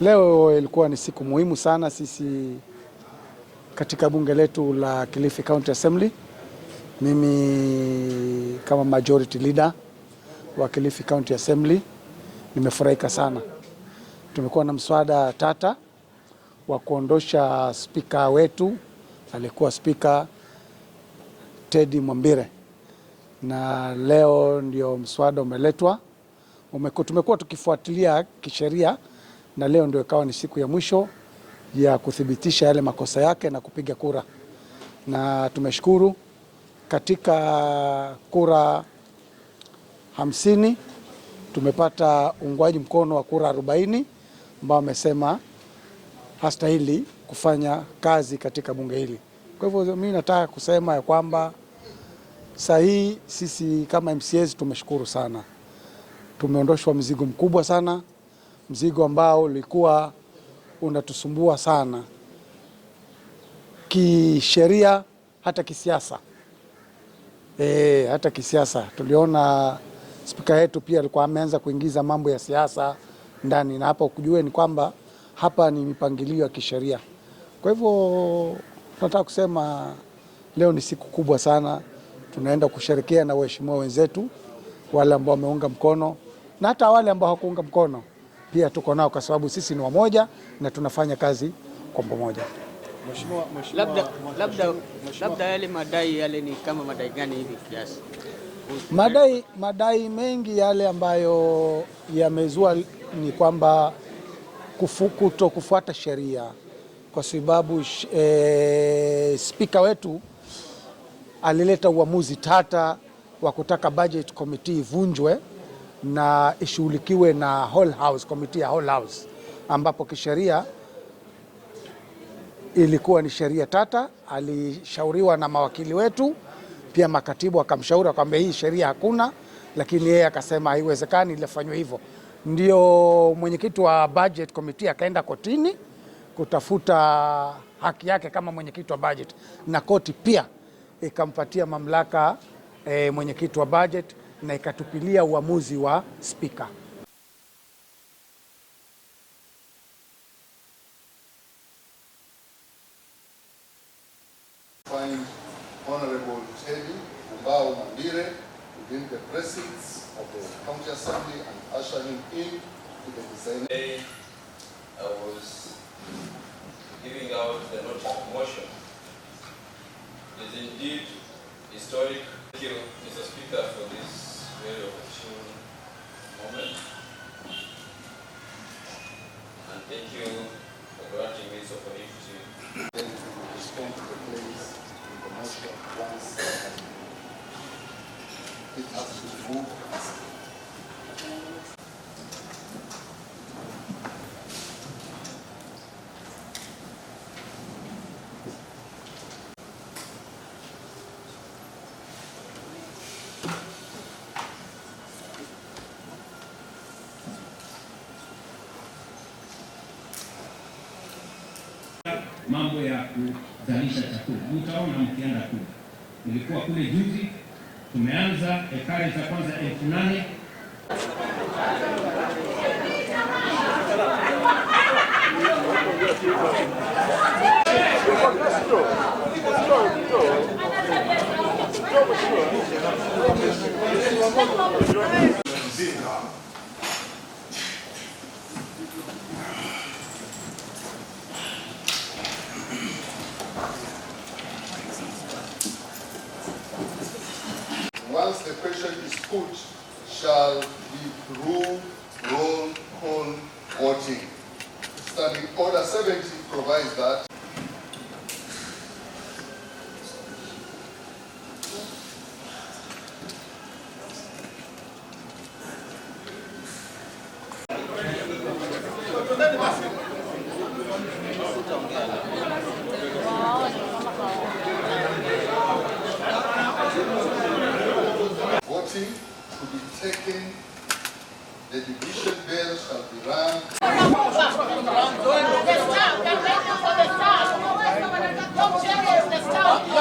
Leo ilikuwa ni siku muhimu sana sisi katika bunge letu la Kilifi County Assembly. Mimi kama majority leader wa Kilifi County Assembly nimefurahika sana. Tumekuwa na mswada tata wa kuondosha spika wetu alikuwa spika Teddy Mwambire, na leo ndio mswada umeletwa. Tumekuwa tukifuatilia kisheria na leo ndio ikawa ni siku ya mwisho ya kuthibitisha yale makosa yake na kupiga kura, na tumeshukuru katika kura hamsini tumepata uungwaji mkono wa kura arobaini ambao wamesema hastahili kufanya kazi katika bunge hili. Kwa hivyo mimi nataka kusema ya kwamba saa hii sisi kama MCAs tumeshukuru sana, tumeondoshwa mzigo mkubwa sana mzigo ambao ulikuwa unatusumbua sana kisheria, hata kisiasa e, hata kisiasa tuliona spika yetu pia alikuwa ameanza kuingiza mambo ya siasa ndani, na hapa ukujue ni kwamba hapa ni mipangilio ya kisheria. Kwa hivyo tunataka kusema leo ni siku kubwa sana, tunaenda kusherekea na waheshimiwa wenzetu wale ambao wameunga mkono na hata wale ambao hawakuunga mkono pia tuko nao kwa sababu sisi ni wamoja na tunafanya kazi kwa pamoja. Mheshimiwa, labda, labda, labda yale madai yale ni kama madai gani hivi kiasi? Madai, madai mengi yale ambayo yamezua ni kwamba kuto kufuata sheria kwa sababu e, spika wetu alileta uamuzi tata wa kutaka budget committee ivunjwe na ishughulikiwe na whole house, committee ya whole house, ambapo kisheria ilikuwa ni sheria tata. Alishauriwa na mawakili wetu pia makatibu akamshauri kwamba hii sheria hakuna, lakini yeye akasema haiwezekani ilifanywa hivyo. Ndio mwenyekiti wa budget committee akaenda kotini kutafuta haki yake kama mwenyekiti wa budget, na koti pia ikampatia mamlaka e, mwenyekiti wa budget na ikatupilia uamuzi wa spika. Giving out the of motion is indeed historic Thank you, Mr. Speaker, for this very opportune moment. And thank you for granting me this opportunity to respond to the place in the national plans. mambo ya kuzalisha chakula. Mtaona mkienda kule, nilikuwa kule juzi, tumeanza ekari za kwanza elfu nane once the question is put, shall be rule, roll, call, voting. Standing Order 70 provides that the division bell shall be rung.